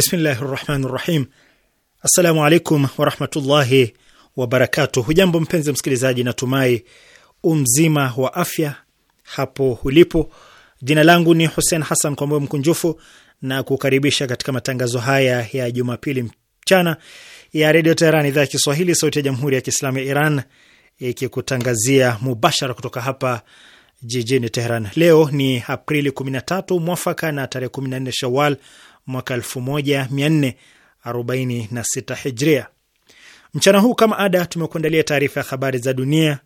Bismillahi rahmani rahim. Assalamu alaikum warahmatullahi wabarakatuh. Hujambo mpenzi msikilizaji, natumai umzima wa afya hapo ulipo. Jina langu ni Hussein Hassan kwa moyo mkunjufu na kukaribisha katika matangazo haya ya Jumapili mchana ya Redio Teheran, idhaa ya Kiswahili, sauti ya Jamhuri ya Kiislamu ya Iran, ikikutangazia mubashara kutoka hapa jijini Teheran. Leo ni Aprili 13 mwafaka na tarehe 14 Shawal mwaka 1446 hijria. Mchana huu kama ada, tumekuandalia taarifa ya habari za dunia.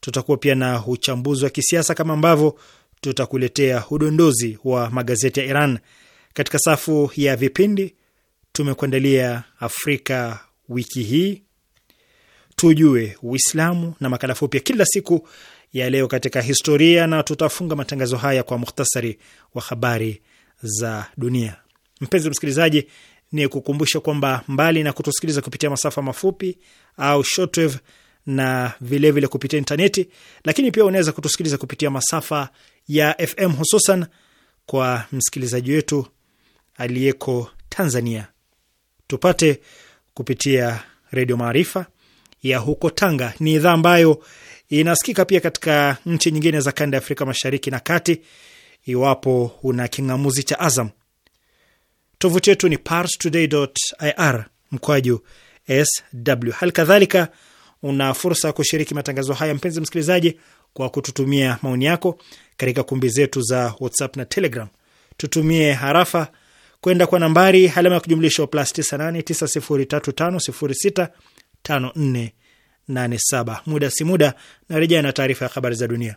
Tutakuwa pia na uchambuzi wa kisiasa kama ambavyo tutakuletea udondozi wa magazeti ya Iran. Katika safu ya vipindi tumekuandalia Afrika wiki hii, tujue Uislamu na makala fupi ya kila siku ya leo katika historia, na tutafunga matangazo haya kwa muhtasari wa habari za dunia. Mpenzi msikilizaji, ni kukumbusha kwamba mbali na kutusikiliza kupitia masafa mafupi au shortwave na vilevile vile kupitia intaneti, lakini pia unaweza kutusikiliza kupitia masafa ya FM, hususan kwa msikilizaji wetu aliyeko Tanzania, tupate kupitia Redio Maarifa ya huko Tanga. Ni idhaa ambayo inasikika pia katika nchi nyingine za kanda ya Afrika Mashariki na Kati, iwapo una king'amuzi cha Azam. Tovuti yetu ni parstoday.ir mkwaju sw. Hali kadhalika una fursa ya kushiriki matangazo haya, mpenzi msikilizaji, kwa kututumia maoni yako katika kumbi zetu za WhatsApp na Telegram. Tutumie harafa kwenda kwa nambari alama ya kujumlisha plus 989035065487. Muda si muda na na taarifa ya habari za dunia.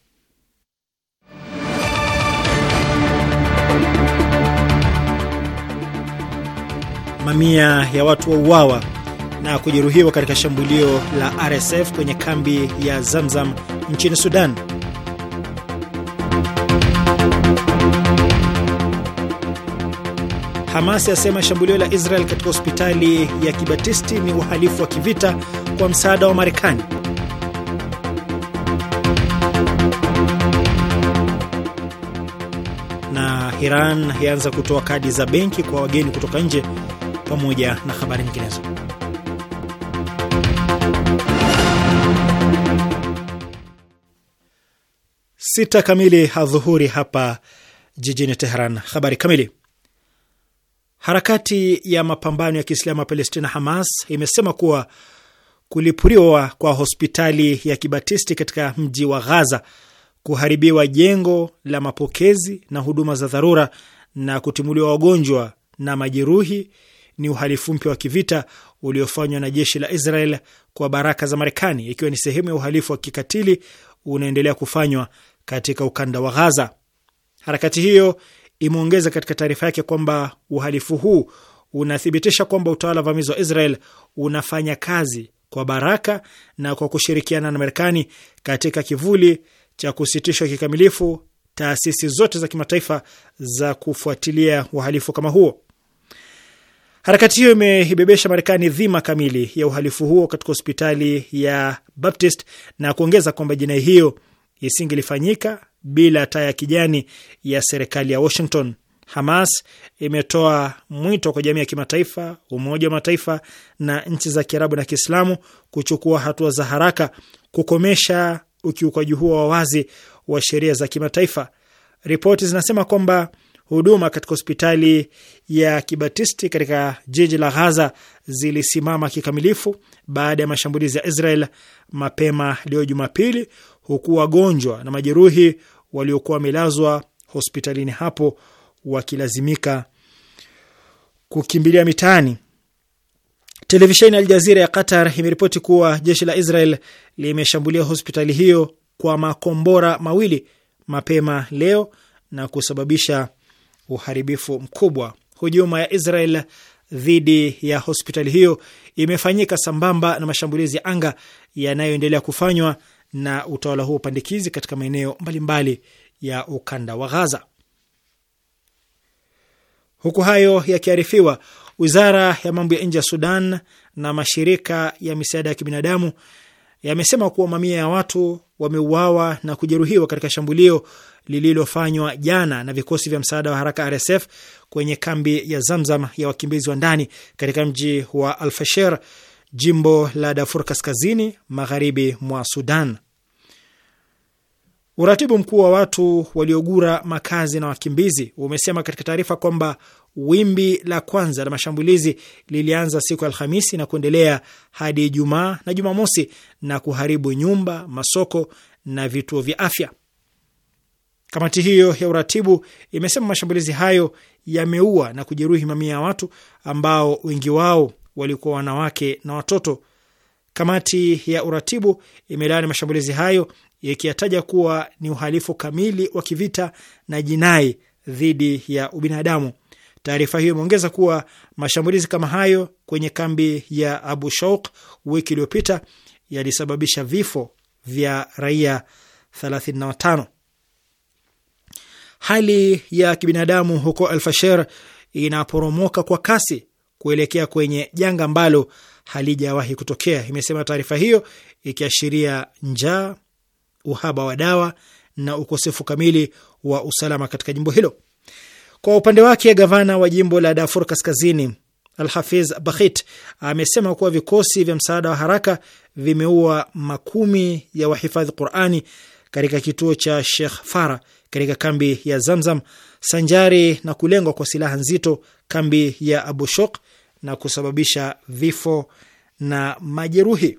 mamia ya watu wauawa na kujeruhiwa katika shambulio la RSF kwenye kambi ya Zamzam nchini Sudan. Hamas yasema shambulio la Israel katika hospitali ya Kibatisti ni uhalifu wa kivita kwa msaada wa Marekani. Na Iran yaanza kutoa kadi za benki kwa wageni kutoka nje pamoja na habari nyinginezo. Sita kamili adhuhuri hapa jijini Teheran. Habari kamili. Harakati ya mapambano ya Kiislamu ya Palestina, Hamas, imesema kuwa kulipuriwa kwa hospitali ya Kibatisti katika mji wa Ghaza, kuharibiwa jengo la mapokezi na huduma za dharura, na kutimuliwa wagonjwa na majeruhi ni uhalifu mpya wa kivita uliofanywa na jeshi la Israel kwa baraka za Marekani, ikiwa ni sehemu ya uhalifu wa kikatili unaendelea kufanywa katika ukanda wa Ghaza. Harakati hiyo imeongeza katika taarifa yake kwamba uhalifu huu unathibitisha kwamba utawala vamizi wa Israel unafanya kazi kwa baraka na kwa kushirikiana na Marekani katika kivuli cha kusitishwa kikamilifu taasisi zote za kimataifa za kufuatilia uhalifu kama huo. Harakati hiyo imeibebesha Marekani dhima kamili ya uhalifu huo katika hospitali ya Baptist na kuongeza kwamba jinai hiyo isingelifanyika bila taa ya kijani ya serikali ya Washington. Hamas imetoa mwito kwa jamii ya kimataifa, Umoja wa Mataifa na nchi za Kiarabu na Kiislamu kuchukua hatua za haraka kukomesha ukiukaji huo wa wazi wa sheria za kimataifa. Ripoti zinasema kwamba huduma katika hospitali ya Kibatisti katika jiji la Ghaza zilisimama kikamilifu baada ya mashambulizi ya Israel mapema leo Jumapili, huku wagonjwa na majeruhi waliokuwa wamelazwa hospitalini hapo wakilazimika kukimbilia mitaani. Televisheni Al Jazira ya Qatar imeripoti kuwa jeshi la Israel limeshambulia hospitali hiyo kwa makombora mawili mapema leo na kusababisha uharibifu mkubwa. Hujuma ya Israel dhidi ya hospitali hiyo imefanyika sambamba na mashambulizi ya anga yanayoendelea kufanywa na utawala huo upandikizi katika maeneo mbalimbali ya ukanda wa Ghaza. Huku hayo yakiarifiwa, wizara ya mambo ya nje ya Sudan na mashirika ya misaada ya kibinadamu yamesema kuwa mamia ya watu wameuawa na kujeruhiwa katika shambulio lililofanywa jana na vikosi vya msaada wa haraka RSF kwenye kambi ya Zamzam ya wakimbizi wa ndani katika mji wa Alfasher, jimbo la Darfur kaskazini magharibi mwa Sudan. Uratibu mkuu wa watu waliogura makazi na wakimbizi umesema katika taarifa kwamba wimbi la kwanza la mashambulizi lilianza siku ya Alhamisi na kuendelea hadi Ijumaa na Jumamosi na kuharibu nyumba, masoko na vituo vya afya. Kamati hiyo ya uratibu imesema mashambulizi hayo yameua na kujeruhi mamia ya watu ambao wengi wao walikuwa wanawake na watoto. Kamati ya uratibu imelaani mashambulizi hayo ikiyataja kuwa ni uhalifu kamili wa kivita na jinai dhidi ya ubinadamu. Taarifa hiyo imeongeza kuwa mashambulizi kama hayo kwenye kambi ya Abu Shouk wiki iliyopita yalisababisha vifo vya raia 35. Hali ya kibinadamu huko Alfasher inaporomoka kwa kasi kuelekea kwenye janga ambalo halijawahi kutokea, imesema taarifa hiyo, ikiashiria njaa, uhaba wa dawa na ukosefu kamili wa usalama katika jimbo hilo. Kwa upande wake, gavana wa jimbo la Darfur Kaskazini Alhafiz bahit amesema kuwa vikosi vya msaada wa haraka vimeua makumi ya wahifadhi Qurani katika kituo cha Sheikh Farah katika kambi ya Zamzam sanjari na kulengwa kwa silaha nzito kambi ya Abu Shok na kusababisha vifo na majeruhi.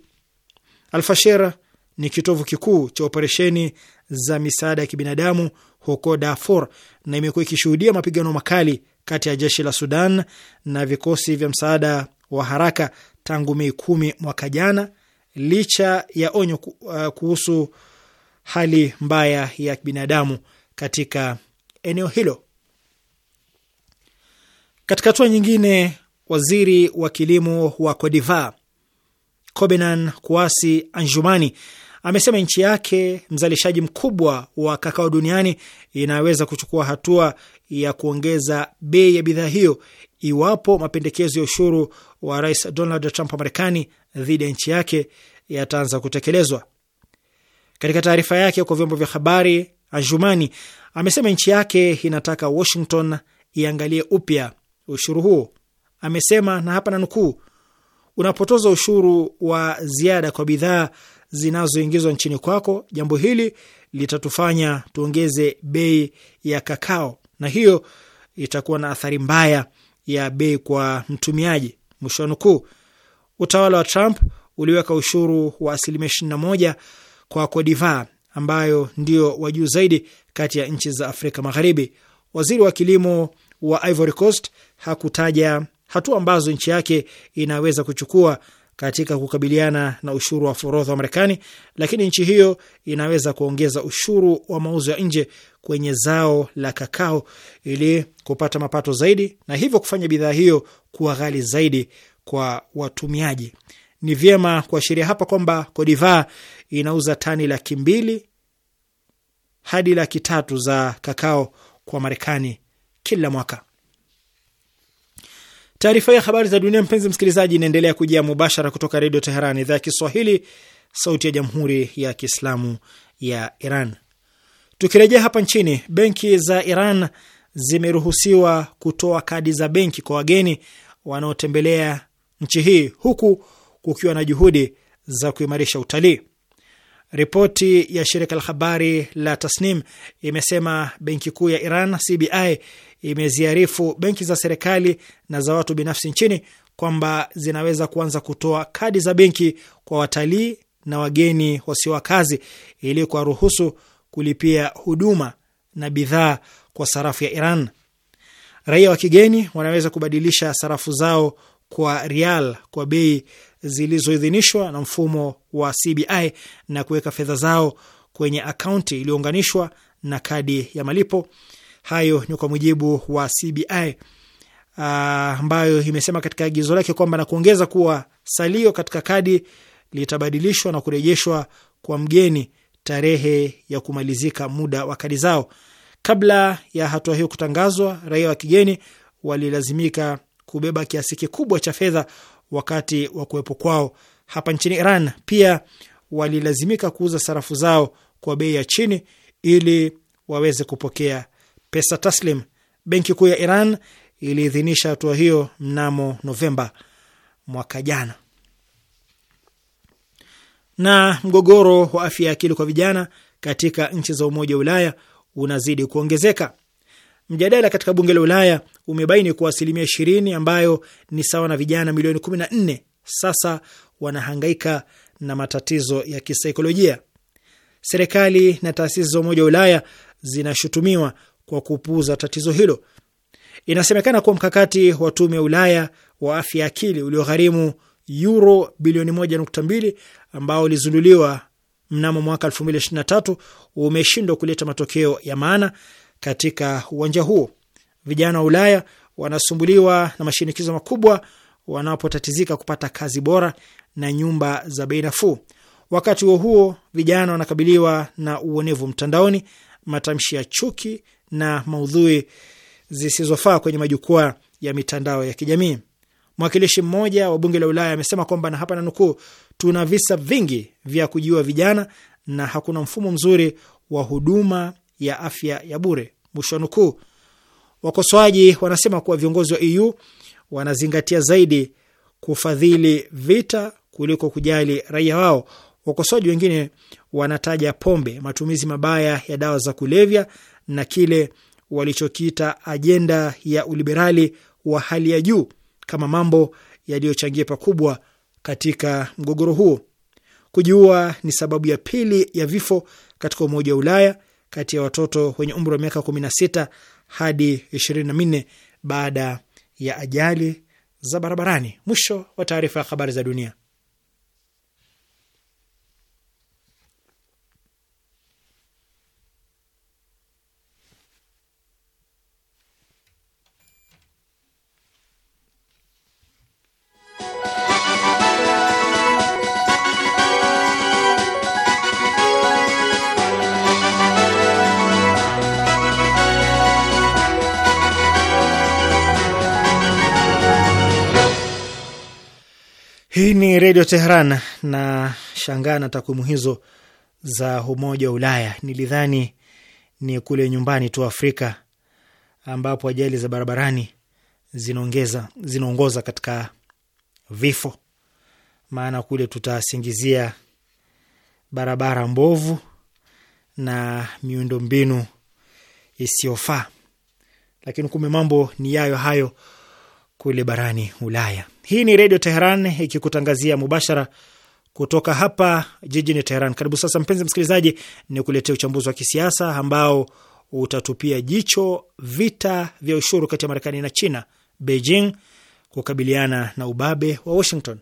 Alfashera ni kitovu kikuu cha operesheni za misaada ya kibinadamu huko Darfur na imekuwa ikishuhudia mapigano makali kati ya jeshi la Sudan na vikosi vya msaada wa haraka tangu Mei kumi mwaka jana, licha ya onyo uh, kuhusu hali mbaya ya kibinadamu katika eneo hilo. Katika hatua nyingine, waziri wa kilimo wa Kodiva Kobenan Kuasi Anjumani amesema nchi yake, mzalishaji mkubwa wa kakao duniani, inaweza kuchukua hatua ya kuongeza bei ya bidhaa hiyo iwapo mapendekezo ya ushuru wa Rais Donald Trump wa Marekani dhidi ya nchi yake yataanza kutekelezwa. Katika taarifa yake kwa vyombo vya habari Ajumani amesema nchi yake inataka Washington iangalie upya ushuru huo. Amesema na hapa nanukuu, unapotoza ushuru wa ziada kwa bidhaa zinazoingizwa nchini kwako, jambo hili litatufanya tuongeze bei ya kakao, na hiyo itakuwa na athari mbaya ya bei kwa mtumiaji, mwisho wa nukuu. Utawala wa Trump uliweka ushuru wa asilimia 21 kwa Kodiva ambayo ndio wa juu zaidi kati ya nchi za Afrika Magharibi. Waziri wa kilimo wa Ivory Coast hakutaja hatua ambazo nchi yake inaweza kuchukua katika kukabiliana na ushuru wa forodha wa Marekani, lakini nchi hiyo inaweza kuongeza ushuru wa mauzo ya nje kwenye zao la kakao ili kupata mapato zaidi na hivyo kufanya bidhaa hiyo kuwa ghali zaidi kwa watumiaji. Ni vyema kuashiria hapa kwamba Kodiva inauza tani laki mbili hadi laki tatu za kakao kwa Marekani kila mwaka. Taarifa ya habari za dunia, mpenzi msikilizaji, inaendelea kujia mubashara kutoka Redio Teheran, idhaa ya Kiswahili, sauti ya Jamhuri ya Kiislamu ya Iran. Tukirejea hapa nchini, benki za Iran zimeruhusiwa kutoa kadi za benki kwa wageni wanaotembelea nchi hii huku kukiwa na juhudi za kuimarisha utalii. Ripoti ya shirika la habari la Tasnim imesema benki kuu ya Iran CBI imeziarifu benki za serikali na za watu binafsi nchini kwamba zinaweza kuanza kutoa kadi za benki kwa watalii na wageni wasio wakazi ili kuwaruhusu kulipia huduma na bidhaa kwa sarafu ya Iran. Raia wa kigeni wanaweza kubadilisha sarafu zao kwa rial kwa bei zilizoidhinishwa na mfumo wa CBI na kuweka fedha zao kwenye akaunti iliyounganishwa na kadi ya malipo. Hayo ni kwa mujibu wa CBI ah, ambayo uh, imesema katika agizo lake kwamba na kuongeza kuwa salio katika kadi litabadilishwa na kurejeshwa kwa mgeni tarehe ya kumalizika muda wa kadi zao. Kabla ya hatua hiyo kutangazwa, raia wa kigeni walilazimika kubeba kiasi kikubwa cha fedha wakati wa kuwepo kwao hapa nchini Iran. Pia walilazimika kuuza sarafu zao kwa bei ya chini ili waweze kupokea pesa taslim. Benki Kuu ya Iran iliidhinisha hatua hiyo mnamo Novemba mwaka jana. Na mgogoro wa afya ya akili kwa vijana katika nchi za Umoja wa Ulaya unazidi kuongezeka. Mjadala katika bunge la Ulaya umebaini kuwa asilimia ishirini ambayo ni sawa na vijana milioni kumi na nne sasa wanahangaika na matatizo ya kisaikolojia. Serikali na taasisi za Umoja wa Ulaya zinashutumiwa kwa kupuuza tatizo hilo. Inasemekana kuwa mkakati wa Tume ya Ulaya wa afya ya akili uliogharimu euro bilioni mbili ambao ulizinduliwa mnamo mwaka tatu umeshindwa kuleta matokeo ya maana katika uwanja huo. Vijana wa Ulaya wanasumbuliwa na mashinikizo makubwa wanapotatizika kupata kazi bora na nyumba za bei nafuu. Wakati huo huo, vijana wanakabiliwa na uonevu mtandaoni, matamshi ya chuki na maudhui zisizofaa kwenye majukwaa ya mitandao ya kijamii. Mwakilishi mmoja wa bunge la Ulaya amesema kwamba, na hapa nanukuu, tuna visa vingi vya kujiua vijana na hakuna mfumo mzuri wa huduma ya afya ya bure, mwisho nukuu. Wakosoaji wanasema kuwa viongozi wa EU wanazingatia zaidi kufadhili vita kuliko kujali raia wao. Wakosoaji wengine wanataja pombe, matumizi mabaya ya dawa za kulevya na kile walichokiita ajenda ya uliberali wa hali ya juu kama mambo yaliyochangia pakubwa katika mgogoro huo. Kujiua ni sababu ya pili ya vifo katika Umoja wa Ulaya kati ya watoto wenye umri wa miaka 16 hadi 24 baada ya ajali za barabarani. Mwisho wa taarifa ya habari za dunia. Hii ni Redio Tehran na shangaa na takwimu hizo za Umoja wa Ulaya. Nilidhani ni kule nyumbani tu Afrika ambapo ajali za barabarani zinaongeza zinaongoza katika vifo, maana kule tutasingizia barabara mbovu na miundombinu isiyofaa, lakini kumbe mambo ni yayo hayo kule barani Ulaya. Hii ni Redio Teheran ikikutangazia mubashara kutoka hapa jijini Teheran. Karibu sasa, mpenzi msikilizaji, ni kuletea uchambuzi wa kisiasa ambao utatupia jicho vita vya ushuru kati ya Marekani na China, Beijing kukabiliana na ubabe wa Washington.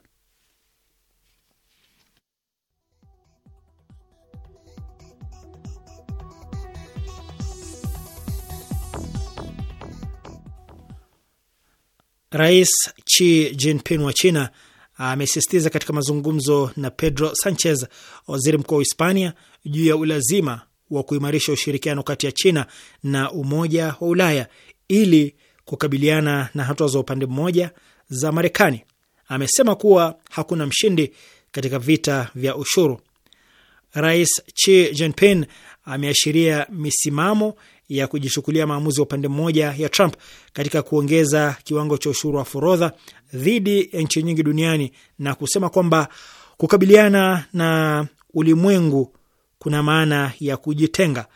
Rais Xi Jinping wa China amesisitiza katika mazungumzo na Pedro Sanchez, waziri mkuu wa Hispania, juu ya ulazima wa kuimarisha ushirikiano kati ya China na Umoja wa Ulaya ili kukabiliana na hatua za upande mmoja za Marekani. Amesema kuwa hakuna mshindi katika vita vya ushuru. Rais Xi Jinping ameashiria misimamo ya kujishughulia maamuzi ya upande mmoja ya Trump katika kuongeza kiwango cha ushuru wa forodha dhidi ya nchi nyingi duniani na kusema kwamba kukabiliana na ulimwengu kuna maana ya kujitenga.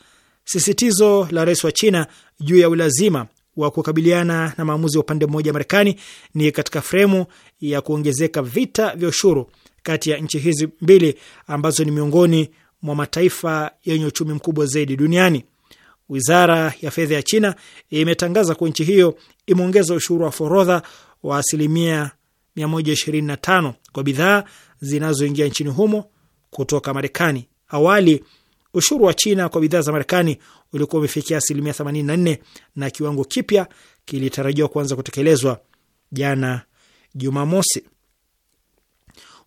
Sisitizo la rais wa China juu ya ulazima wa kukabiliana na maamuzi ya upande mmoja Marekani ni katika fremu ya kuongezeka vita vya ushuru kati ya nchi hizi mbili ambazo ni miongoni mwa mataifa yenye uchumi mkubwa zaidi duniani. Wizara ya fedha ya China imetangaza kuwa nchi hiyo imeongeza ushuru wa forodha wa asilimia 125 kwa bidhaa zinazoingia nchini humo kutoka Marekani. Awali ushuru wa China kwa bidhaa za Marekani ulikuwa umefikia asilimia 84 na kiwango kipya kilitarajiwa kuanza kutekelezwa jana Jumamosi.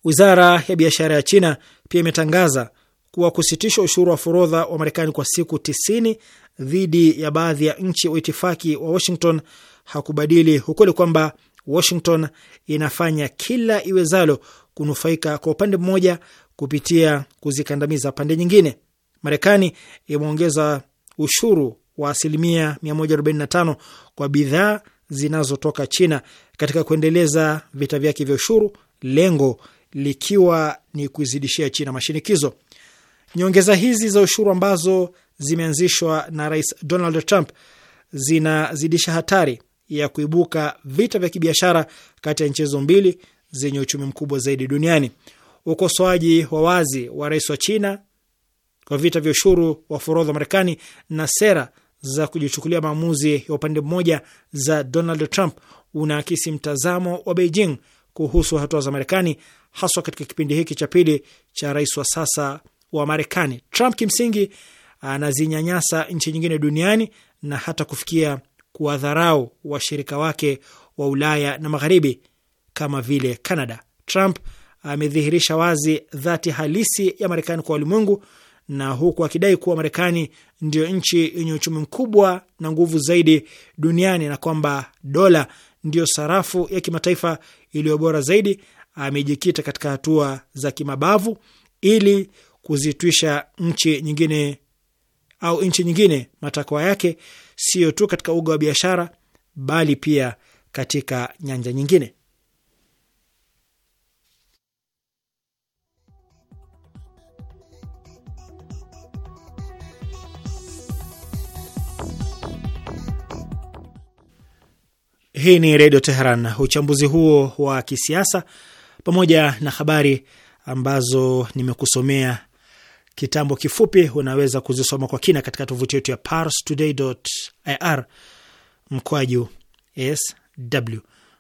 Wizara ya biashara ya China pia imetangaza kuwa kusitisha ushuru wa forodha wa Marekani kwa siku tisini dhidi ya baadhi ya nchi wa itifaki wa Washington hakubadili ukweli kwamba Washington inafanya kila iwezalo kunufaika kwa upande mmoja kupitia kuzikandamiza pande nyingine. Marekani imeongeza ushuru wa asilimia 145 kwa bidhaa zinazotoka China katika kuendeleza vita vyake vya ushuru, lengo likiwa ni kuizidishia China mashinikizo. Nyongeza hizi za ushuru ambazo zimeanzishwa na Rais Donald Trump zinazidisha hatari ya kuibuka vita vya kibiashara kati ya nchi hizo mbili zenye uchumi mkubwa zaidi duniani. Ukosoaji wa wazi wa rais wa China kwa vita vya ushuru wa forodha wa Marekani na sera za kujichukulia maamuzi ya upande mmoja za Donald Trump unaakisi mtazamo wa Beijing kuhusu hatua za Marekani, haswa katika kipindi hiki cha pili cha rais wa sasa wa Marekani. Trump kimsingi anazinyanyasa nchi nyingine duniani na hata kufikia kuwadharau washirika wake wa Ulaya na magharibi kama vile Canada. Trump amedhihirisha wazi dhati halisi ya Marekani kwa ulimwengu na huku akidai kuwa Marekani ndiyo nchi yenye uchumi mkubwa na nguvu zaidi duniani na kwamba dola ndiyo sarafu ya kimataifa iliyo bora zaidi, amejikita katika hatua za kimabavu ili kuzitwisha nchi nyingine au nchi nyingine matakwa yake, sio tu katika uga wa biashara, bali pia katika nyanja nyingine. Hii ni Redio Teheran. Uchambuzi huo wa kisiasa pamoja na habari ambazo nimekusomea kitambo kifupi unaweza kuzisoma kwa kina katika tovuti yetu ya parstoday.ir mkwaju sw.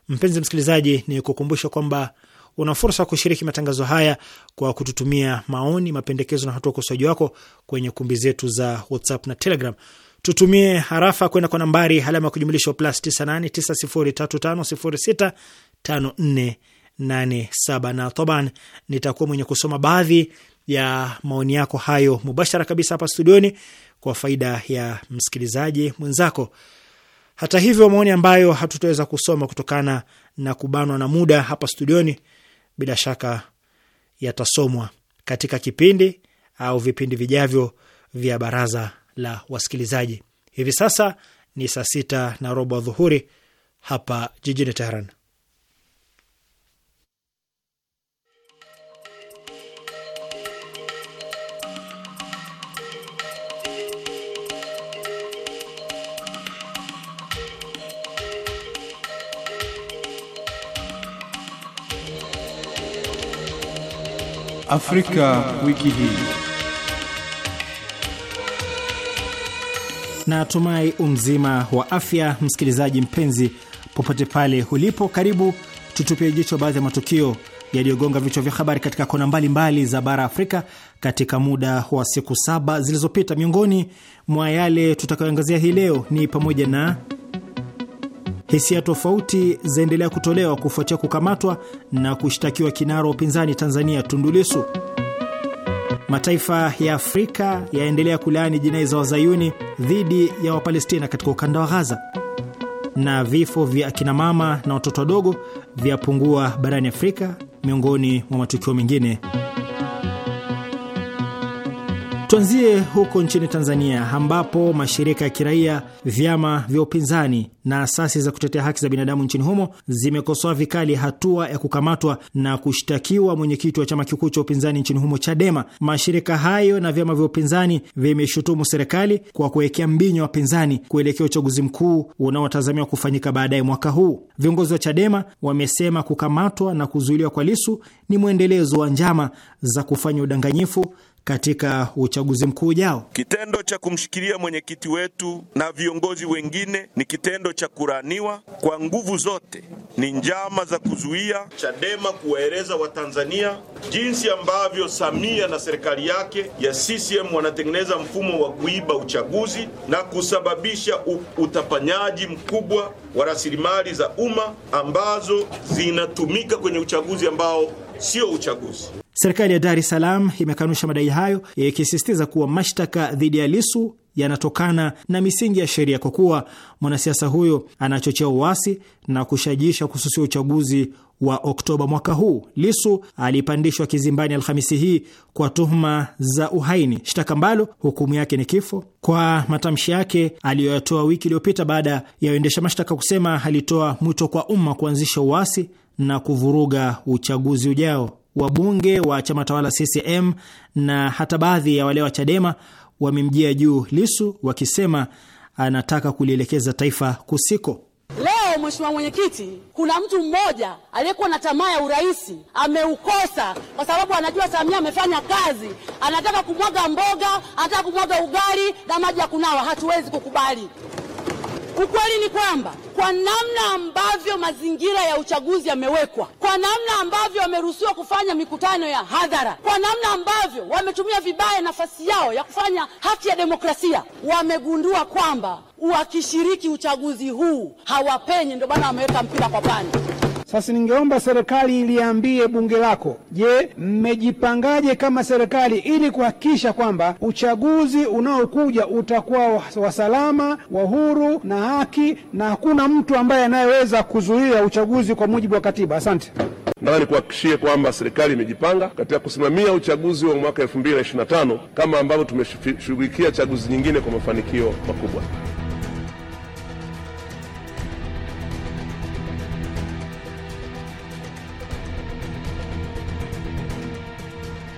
Mpenzi msikilizaji, ni kukumbusha kwamba una fursa ya kushiriki matangazo haya kwa kututumia maoni, mapendekezo na hatua ukosoaji wako kwenye kumbi zetu za WhatsApp na Telegram. Tutumie harafa kwenda kwa nambari alama ya kujumlisha plus 989035065487 na toban, nitakuwa mwenye kusoma baadhi ya maoni yako hayo mubashara kabisa hapa studioni kwa faida ya msikilizaji mwenzako. Hata hivyo, maoni ambayo hatutaweza kusoma kutokana na kubanwa na muda hapa studioni, bila shaka yatasomwa katika kipindi au vipindi vijavyo vya baraza la wasikilizaji. Hivi sasa ni saa sita na robo dhuhuri hapa jijini Teheran. Afrika wiki hii. Na tumai umzima wa afya, msikilizaji mpenzi, popote pale ulipo, karibu tutupie jicho baadhi ya matukio yaliyogonga vichwa vya habari katika kona mbalimbali za bara Afrika katika muda wa siku saba zilizopita. Miongoni mwa yale tutakayoangazia hii leo ni pamoja na Hisia tofauti zaendelea kutolewa kufuatia kukamatwa na kushtakiwa kinara wa upinzani Tanzania tundulisu Mataifa ya Afrika yaendelea kulaani jinai za wazayuni dhidi ya Wapalestina katika ukanda wa Ghaza, na vifo vya akinamama na watoto wadogo vyapungua barani Afrika, miongoni mwa matukio mengine. Tuanzie huko nchini Tanzania ambapo mashirika ya kiraia, vyama vya upinzani na asasi za kutetea haki za binadamu nchini humo zimekosoa vikali hatua ya kukamatwa na kushtakiwa mwenyekiti wa chama kikuu cha upinzani nchini humo Chadema. Mashirika hayo na vyama vya upinzani vimeshutumu serikali kwa kuwekea mbinyo wapinzani kuelekea uchaguzi mkuu unaotazamiwa kufanyika baadaye mwaka huu. Viongozi wa Chadema wamesema kukamatwa na kuzuiliwa kwa Lisu ni mwendelezo wa njama za kufanya udanganyifu katika uchaguzi mkuu ujao. Kitendo cha kumshikilia mwenyekiti wetu na viongozi wengine ni kitendo cha kuraniwa kwa nguvu zote, ni njama za kuzuia Chadema kuwaeleza Watanzania jinsi ambavyo Samia na serikali yake ya CCM wanatengeneza mfumo wa kuiba uchaguzi na kusababisha utapanyaji mkubwa wa rasilimali za umma ambazo zinatumika kwenye uchaguzi ambao sio uchaguzi. Serikali ya Dar es Salaam imekanusha madai hayo ikisisitiza kuwa mashtaka dhidi ya Lisu yanatokana na misingi ya sheria kwa kuwa mwanasiasa huyo anachochea uasi na kushajisha kususia uchaguzi wa Oktoba mwaka huu. Lisu alipandishwa kizimbani Alhamisi hii kwa tuhuma za uhaini, shtaka ambalo hukumu yake ni kifo, kwa matamshi yake aliyoyatoa wiki iliyopita baada ya waendesha mashtaka kusema alitoa mwito kwa umma kuanzisha uasi na kuvuruga uchaguzi ujao wabunge wa chama tawala CCM na hata baadhi ya wale wa Chadema wamemjia juu Lisu wakisema anataka kulielekeza taifa kusiko. Leo mheshimiwa mwenyekiti, kuna mtu mmoja aliyekuwa na tamaa ya urais ameukosa, kwa sababu anajua Samia amefanya kazi, anataka kumwaga mboga, anataka kumwaga ugali na maji ya kunawa. Hatuwezi kukubali. Ukweli ni kwamba kwa namna ambavyo mazingira ya uchaguzi yamewekwa, kwa namna ambavyo wameruhusiwa kufanya mikutano ya hadhara, kwa namna ambavyo wametumia vibaya nafasi yao ya kufanya haki ya demokrasia, wamegundua kwamba wakishiriki uchaguzi huu hawapenyi, ndio maana wameweka mpira kwa pani. Sasa ningeomba serikali iliambie bunge lako, je, mmejipangaje kama serikali ili kuhakikisha kwamba uchaguzi unaokuja utakuwa wa salama, wa huru na haki na hakuna mtu ambaye anayeweza kuzuia uchaguzi kwa mujibu wa katiba? Asante. Nataka nikuhakikishie kwamba serikali imejipanga katika kusimamia uchaguzi wa mwaka 2025 kama ambavyo tumeshughulikia chaguzi nyingine kwa mafanikio makubwa.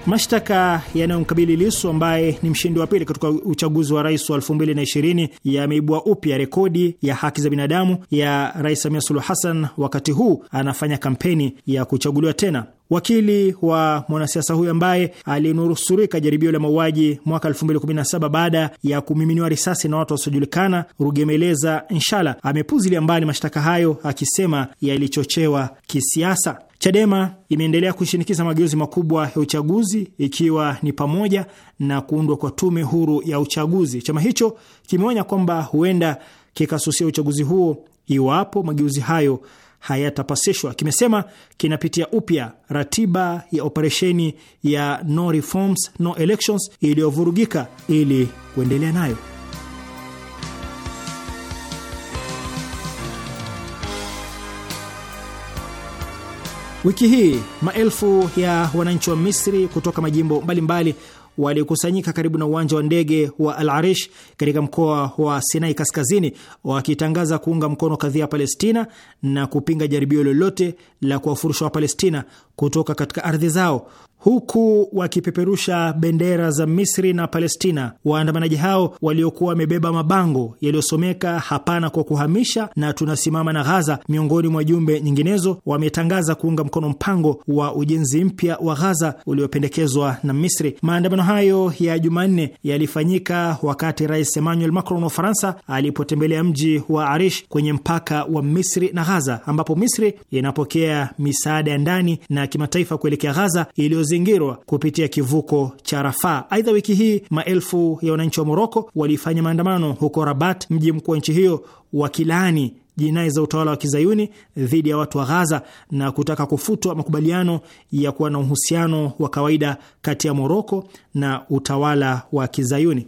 Mashtaka yanayomkabili Lisu ambaye ni mshindi wa pili katika uchaguzi wa rais wa 2020 yameibua upya rekodi ya haki za binadamu ya Rais Samia Suluhu Hassan, wakati huu anafanya kampeni ya kuchaguliwa tena. Wakili wa mwanasiasa huyo ambaye alinusurika jaribio la mauaji mwaka 2017 baada ya kumiminiwa risasi na watu wasiojulikana, Rugemeleza Nshala amepuzilia mbali mashtaka hayo akisema yalichochewa kisiasa. Chadema imeendelea kushinikiza mageuzi makubwa ya uchaguzi ikiwa ni pamoja na kuundwa kwa tume huru ya uchaguzi. Chama hicho kimeonya kwamba huenda kikasusia uchaguzi huo iwapo mageuzi hayo hayatapasishwa. Kimesema kinapitia upya ratiba ya operesheni ya no reforms no elections iliyovurugika ili kuendelea nayo. Wiki hii maelfu ya wananchi wa Misri kutoka majimbo mbalimbali walikusanyika karibu na uwanja wa ndege wa Al Arish katika mkoa wa Sinai Kaskazini, wakitangaza kuunga mkono kadhia ya Palestina na kupinga jaribio lolote la kuwafurusha Wapalestina kutoka katika ardhi zao huku wakipeperusha bendera za Misri na Palestina. Waandamanaji hao waliokuwa wamebeba mabango yaliyosomeka hapana kwa kuhamisha na tunasimama na Ghaza, miongoni mwa jumbe nyinginezo, wametangaza kuunga mkono mpango wa ujenzi mpya wa Ghaza uliopendekezwa na Misri. Maandamano hayo ya Jumanne yalifanyika wakati Rais Emmanuel Macron wa Ufaransa alipotembelea mji wa Arish kwenye mpaka wa Misri na Ghaza, ambapo Misri inapokea misaada ya ndani na kimataifa kuelekea Ghaza iliyo kuzingirwa kupitia kivuko cha Rafaa. Aidha, wiki hii maelfu ya wananchi wa Moroko walifanya maandamano huko Rabat, mji mkuu wa nchi hiyo, wakilaani jinai za utawala wa kizayuni dhidi ya watu wa Ghaza na kutaka kufutwa makubaliano ya kuwa na uhusiano wa kawaida kati ya Moroko na utawala wa kizayuni.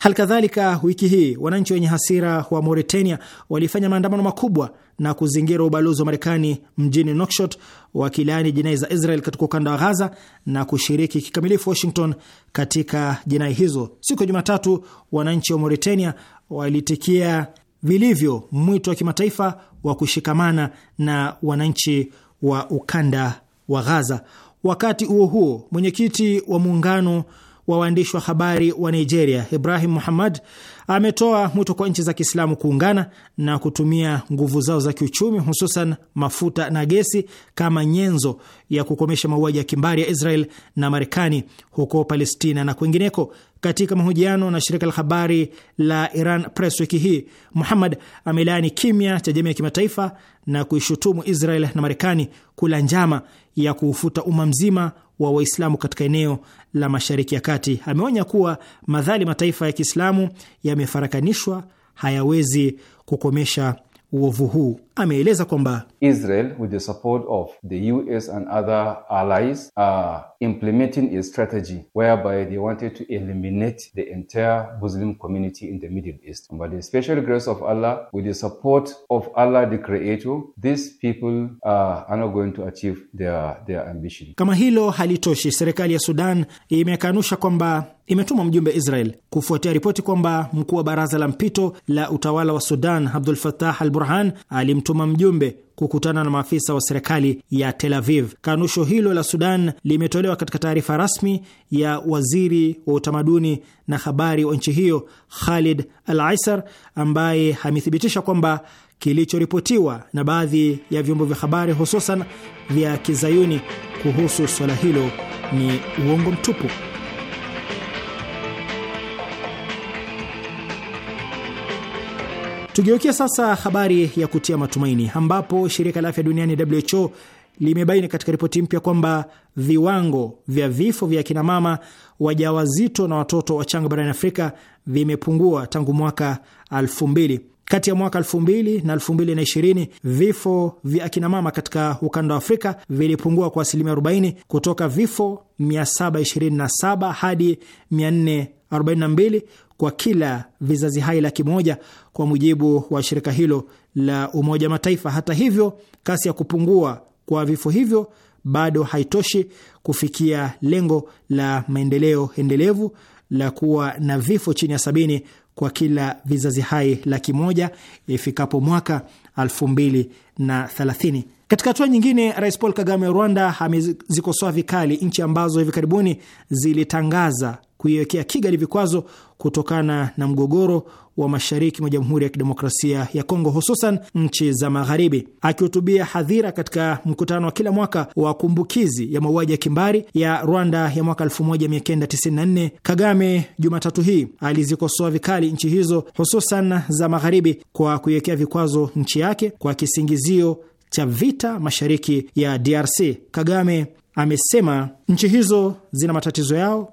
Hali kadhalika wiki hii wananchi wenye hasira wa Mauritania walifanya maandamano makubwa na kuzingira ubalozi wa Marekani mjini Nouakchott wakilaani jinai za Israel katika ukanda wa Ghaza na kushiriki kikamilifu Washington katika jinai hizo. Siku ya Jumatatu, wananchi wa Mauritania walitikia vilivyo mwito wa kimataifa wa kushikamana na wananchi wa ukanda wa Ghaza. Wakati huo huo, mwenyekiti wa muungano wa waandishi wa habari wa Nigeria, Ibrahim Muhammad, ametoa mwito kwa nchi za Kiislamu kuungana na kutumia nguvu zao za kiuchumi, hususan mafuta na gesi, kama nyenzo ya kukomesha mauaji ya kimbari ya Israel na Marekani huko Palestina na kwingineko. Katika mahojiano na shirika la habari la Iran Press wiki hii, Muhammad amelaani kimya cha jamii ya kimataifa na kuishutumu Israel na Marekani kula njama ya kuufuta umma mzima wa Waislamu katika eneo la Mashariki ya Kati. Ameonya kuwa madhali mataifa ya Kiislamu yamefarakanishwa hayawezi kukomesha uovu huu ameeleza kwamba Israel with the support of the US and other allies are implementing a strategy whereby they wanted to eliminate the entire Muslim community in the Middle East. by the special grace of Allah, with the support of Allah the Creator, these people uh, are not going to achieve their, their ambition. Kama hilo halitoshi, serikali ya Sudan imekanusha kwamba imetuma mjumbe Israel kufuatia ripoti kwamba mkuu wa baraza la mpito la utawala wa Sudan Abdul Fattah al-Burhan alim kutuma mjumbe kukutana na maafisa wa serikali ya Tel Aviv. Kanusho hilo la Sudan limetolewa katika taarifa rasmi ya waziri wa utamaduni na habari wa nchi hiyo Khalid Al Aisar, ambaye amethibitisha kwamba kilichoripotiwa na baadhi ya vyombo vya habari hususan vya kizayuni kuhusu swala hilo ni uongo mtupu. Tugeukia sasa habari ya kutia matumaini ambapo shirika la afya duniani WHO limebaini katika ripoti mpya kwamba viwango vya vifo vya akinamama wajawazito na watoto wachanga barani Afrika vimepungua tangu mwaka 2000. Kati ya mwaka 2000 na 2020 vifo vya akinamama katika ukanda wa Afrika vilipungua kwa asilimia 40 kutoka vifo 727 hadi 442 kwa kila vizazi hai laki moja kwa mujibu wa shirika hilo la Umoja Mataifa. Hata hivyo, kasi ya kupungua kwa vifo hivyo bado haitoshi kufikia lengo la maendeleo endelevu la kuwa na vifo chini ya sabini kwa kila vizazi hai laki moja ifikapo mwaka 2030. Katika hatua nyingine, Rais Paul Kagame wa Rwanda amezikosoa vikali nchi ambazo hivi karibuni zilitangaza kuiwekea Kigali vikwazo kutokana na mgogoro wa mashariki mwa Jamhuri ya Kidemokrasia ya Kongo, hususan nchi za magharibi. Akihutubia hadhira katika mkutano wa kila mwaka wa kumbukizi ya mauaji ya kimbari ya Rwanda ya mwaka 1994, Kagame Jumatatu hii alizikosoa vikali nchi hizo, hususan za magharibi, kwa kuiwekea vikwazo nchi yake kwa kisingizio cha vita mashariki ya DRC. Kagame amesema nchi hizo zina matatizo yao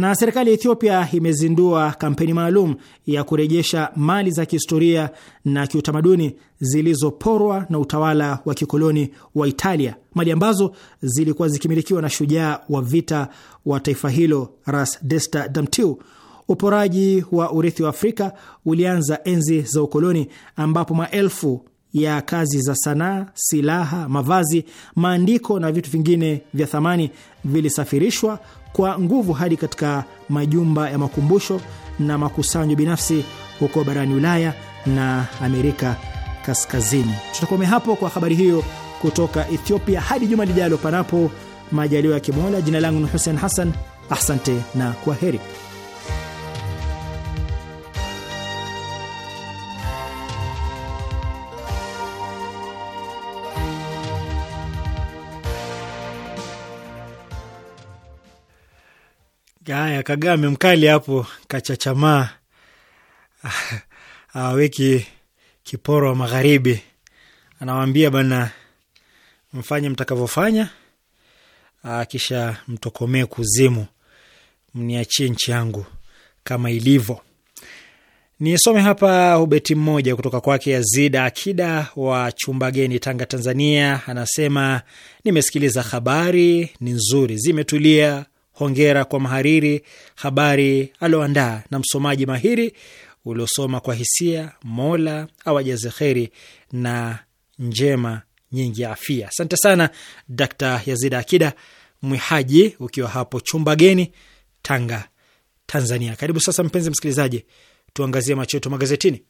Na serikali ya Ethiopia imezindua kampeni maalum ya kurejesha mali za kihistoria na kiutamaduni zilizoporwa na utawala wa kikoloni wa Italia, mali ambazo zilikuwa zikimilikiwa na shujaa wa vita wa taifa hilo Ras Desta Damtiu. Uporaji wa urithi wa Afrika ulianza enzi za ukoloni ambapo maelfu ya kazi za sanaa, silaha, mavazi, maandiko na vitu vingine vya thamani vilisafirishwa kwa nguvu hadi katika majumba ya makumbusho na makusanyo binafsi huko barani Ulaya na Amerika Kaskazini. Tutakomea hapo kwa habari hiyo kutoka Ethiopia hadi juma lijalo, panapo majaliwa ya Kimola. Jina langu ni Hussein Hassan, asante na kwa heri. Gaya Kagame mkali hapo kachachamaa aweki kiporo wa magharibi, anawambia bana, mfanye mtakavyofanya, ah, kisha mtokomee kuzimu, mniachie nchi yangu kama ilivyo. Nisome hapa ubeti mmoja kutoka kwake Yazida Akida wa chumba geni Tanga, Tanzania. Anasema, nimesikiliza habari ni nzuri, zimetulia hongera kwa mhariri habari alioandaa na msomaji mahiri uliosoma kwa hisia. Mola awajaze kheri na njema nyingi ya afia. Asante sana Dr. Yazida Akida Mwihaji, ukiwa hapo chumba geni Tanga, Tanzania. Karibu sasa, mpenzi msikilizaji, tuangazie macho yetu magazetini.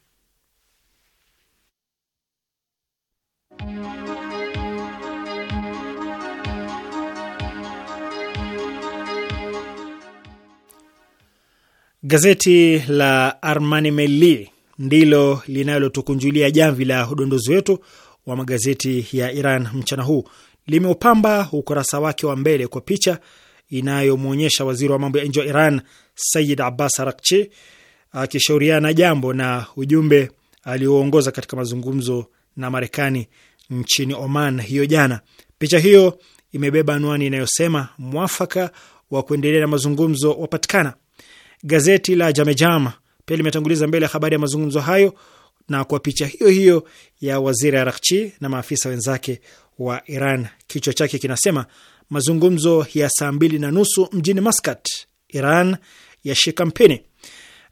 Gazeti la Armani Meli ndilo linalotukunjulia jamvi la udondozi wetu wa magazeti ya Iran mchana huu. Limeupamba ukurasa wake wa mbele kwa picha inayomwonyesha waziri wa mambo ya nje wa Iran Sayid Abbas Arakchi akishauriana jambo na ujumbe alioongoza katika mazungumzo na Marekani nchini Oman hiyo jana. Picha hiyo imebeba anwani inayosema mwafaka wa kuendelea na mazungumzo wapatikana. Gazeti la Jamejama pia limetanguliza mbele ya habari ya mazungumzo hayo na kwa picha hiyo hiyo ya waziri Arakchi na maafisa wenzake wa Iran. Kichwa chake kinasema mazungumzo ya saa mbili na nusu mjini Maskat, Iran yashika kampeni.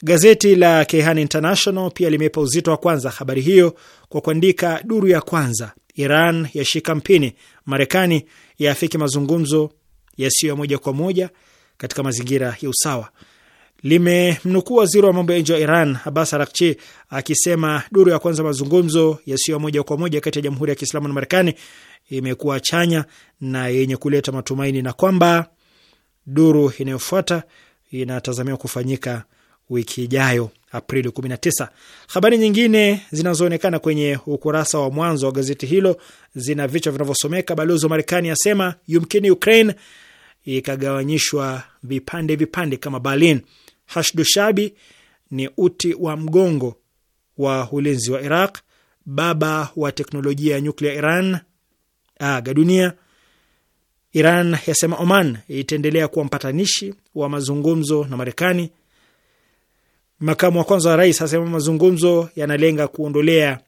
Gazeti la Kehan International pia limeipa uzito wa kwanza habari hiyo kwa kuandika duru ya kwanza, Iran yashika mpini, Marekani yaafiki mazungumzo yasiyo ya moja kwa moja katika mazingira ya usawa limemnukuu waziri wa mambo ya nje wa Iran Abbas Arakchi akisema duru ya kwanza mazungumzo yasiyo moja kwa moja kati ya Jamhuri ya Kiislamu na Marekani imekuwa chanya na yenye kuleta matumaini na kwamba duru inayofuata inatazamiwa kufanyika wiki ijayo Aprili 19. Habari nyingine zinazoonekana kwenye ukurasa wa mwanzo wa gazeti hilo zina vichwa vinavyosomeka: balozi wa Marekani asema yumkini Ukraine ikagawanyishwa vipande vipande kama Berlin. Hashdushabi ni uti wa mgongo wa ulinzi wa Iraq. Baba wa teknolojia ya nyuklia Iran aga dunia. Iran yasema Oman itaendelea kuwa mpatanishi wa mazungumzo na Marekani. Makamu wa kwanza wa rais asema mazungumzo yanalenga kuondolea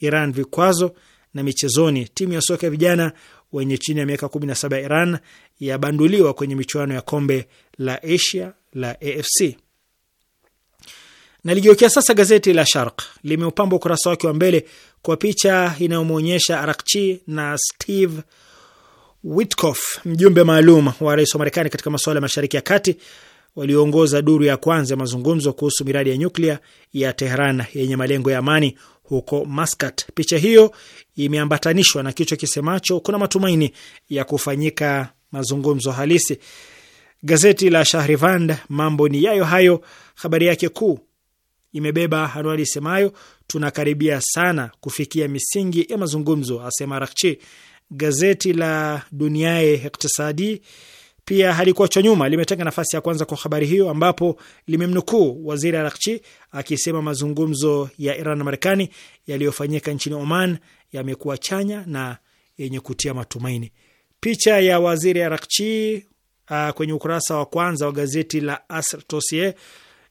Iran vikwazo. Na michezoni, timu ya soka ya vijana wenye chini ya miaka saba ya Iran yabanduliwa kwenye michuano ya kombe la Asia la AFC. Na ligeukia sasa gazeti la Sharq limeupamba ukurasa wake wa mbele kwa picha inayomwonyesha Arakchi na Steve Witkoff, mjumbe maalum wa rais wa Marekani katika masuala ya Mashariki ya Kati, walioongoza duru ya kwanza ya mazungumzo kuhusu miradi ya nyuklia ya Tehran yenye malengo ya amani huko Maskat. Picha hiyo imeambatanishwa na kichwa kisemacho kuna matumaini ya kufanyika mazungumzo halisi. Gazeti la Shahrivand mambo ni yayo hayo, habari yake kuu imebeba anwani isemayo tunakaribia sana kufikia misingi ya mazungumzo, asema Rakchi. Gazeti la Duniae Iktisadi pia halikuachwa nyuma, limetenga nafasi ya kwanza kwa habari hiyo, ambapo limemnukuu waziri Arakchi akisema mazungumzo ya Iran na Marekani yaliyofanyika nchini Oman yamekuwa chanya na yenye kutia matumaini. Picha ya waziri Arakchi uh, kwenye ukurasa wa kwanza wa gazeti la Asr Tosie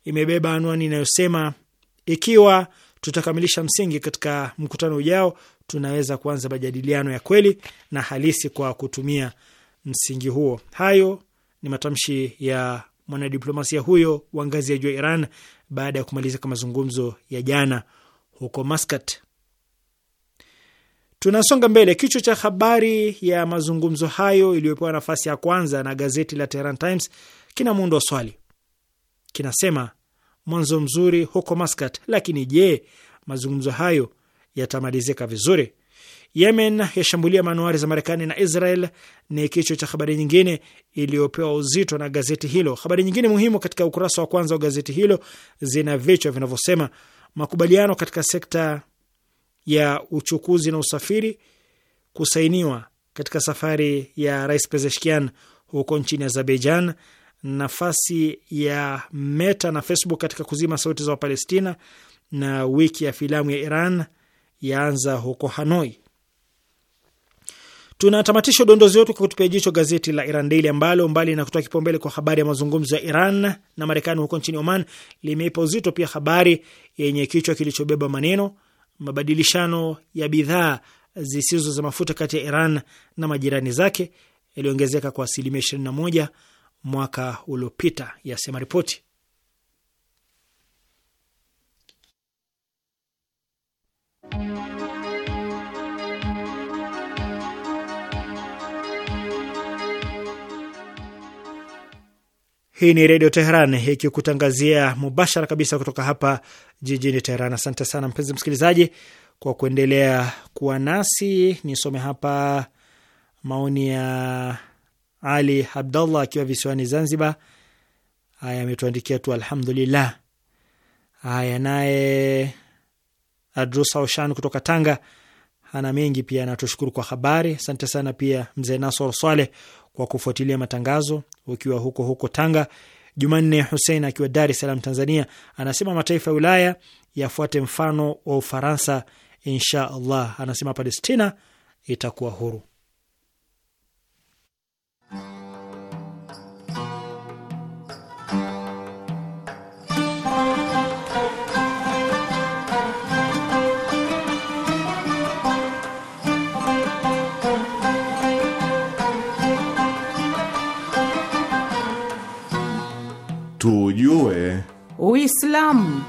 imebeba anwani inayosema ikiwa tutakamilisha msingi katika mkutano ujao, tunaweza kuanza majadiliano ya kweli na halisi kwa kutumia msingi huo. Hayo ni matamshi ya mwanadiplomasia huyo wa ngazi ya juu ya Iran baada ya kumalizika mazungumzo ya jana huko Maskat. Tunasonga mbele. Kichwa cha habari ya mazungumzo hayo iliyopewa nafasi ya kwanza na gazeti la Tehran Times kina muundo wa swali: kinasema mwanzo mzuri huko Maskat, lakini je, mazungumzo hayo yatamalizika vizuri? Yemen yashambulia manuari za Marekani na Israel ni kichwa cha habari nyingine iliyopewa uzito na gazeti hilo. Habari nyingine muhimu katika ukurasa wa kwanza wa gazeti hilo zina vichwa vinavyosema makubaliano katika sekta ya uchukuzi na usafiri kusainiwa katika safari ya Rais Pezeshkian huko nchini Azerbaijan nafasi ya Meta na Facebook katika kuzima sauti za Wapalestina, na wiki ya filamu ya Iran yaanza huko Hanoi. Tunatamatisha udondozi wetu kwa kutupia jicho gazeti la Iran Daily ambalo mbali na kutoa kipaumbele kwa habari ya mazungumzo ya Iran na Marekani huko nchini Oman, limeipa uzito pia habari yenye kichwa kilichobeba maneno mabadilishano ya bidhaa zisizo za mafuta kati ya Iran na majirani zake yaliongezeka kwa asilimia 21 mwaka uliopita, yasema ripoti. Hii ni Redio Teheran ikikutangazia mubashara kabisa kutoka hapa jijini Teheran. Asante sana mpenzi msikilizaji kwa kuendelea kuwa nasi. Nisome hapa maoni ya ali Abdallah akiwa visiwani Zanzibar. Haya, ametuandikia tu alhamdulillah. Haya, naye Adrusa Oshan kutoka Tanga ana mengi pia, anatushukuru kwa habari. Asante sana pia mzee Nasor Swaleh kwa kufuatilia matangazo ukiwa huko huko Tanga. Jumanne Husein akiwa Dar es Salaam, Tanzania, anasema mataifa ya Ulaya yafuate mfano wa Ufaransa, insha Allah. Anasema Palestina itakuwa huru. tujue Uislamu.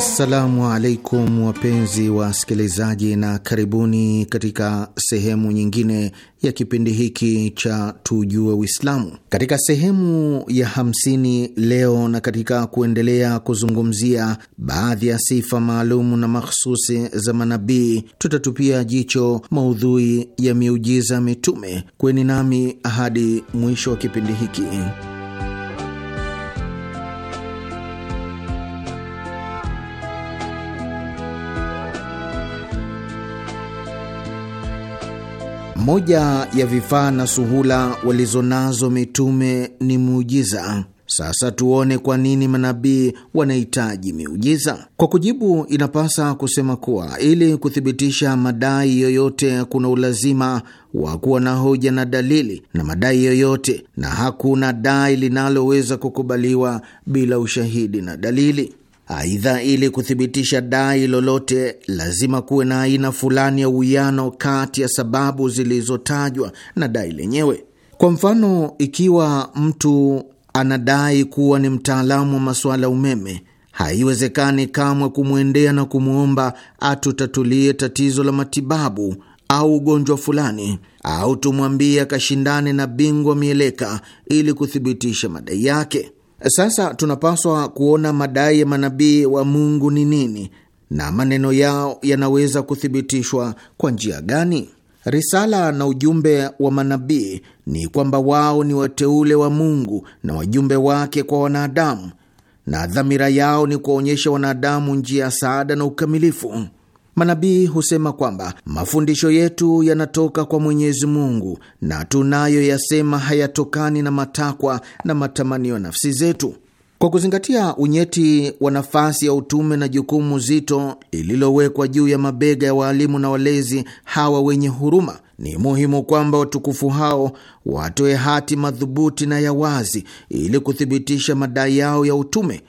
Assalamu alaikum wapenzi wasikilizaji, na karibuni katika sehemu nyingine ya kipindi hiki cha tujue Uislamu. Katika sehemu ya hamsini leo, na katika kuendelea kuzungumzia baadhi ya sifa maalumu na makhususi za manabii, tutatupia jicho maudhui ya miujiza mitume. Kweni nami hadi mwisho wa kipindi hiki. Moja ya vifaa na suhula walizonazo mitume ni muujiza. Sasa tuone kwa nini manabii wanahitaji miujiza. Kwa kujibu, inapasa kusema kuwa ili kuthibitisha madai yoyote kuna ulazima wa kuwa na hoja na dalili na madai yoyote, na hakuna dai linaloweza kukubaliwa bila ushahidi na dalili. Aidha, ili kuthibitisha dai lolote lazima kuwe na aina fulani ya uwiano kati ya sababu zilizotajwa na dai lenyewe. Kwa mfano, ikiwa mtu anadai kuwa ni mtaalamu wa masuala ya umeme, haiwezekani kamwe kumwendea na kumwomba atutatulie tatizo la matibabu au ugonjwa fulani au tumwambie akashindane na bingwa mieleka ili kuthibitisha madai yake. Sasa tunapaswa kuona madai ya manabii wa Mungu ni nini na maneno yao yanaweza kuthibitishwa kwa njia gani? Risala na ujumbe wa manabii ni kwamba wao ni wateule wa Mungu na wajumbe wake kwa wanadamu, na dhamira yao ni kuwaonyesha wanadamu njia ya saada na ukamilifu. Manabii husema kwamba mafundisho yetu yanatoka kwa Mwenyezi Mungu na tunayoyasema hayatokani na matakwa na matamanio nafsi zetu. Kwa kuzingatia unyeti wa nafasi ya utume na jukumu zito lililowekwa juu ya mabega ya waalimu na walezi hawa wenye huruma, ni muhimu kwamba watukufu hao watoe hati madhubuti na ya wazi ili kuthibitisha madai yao ya utume,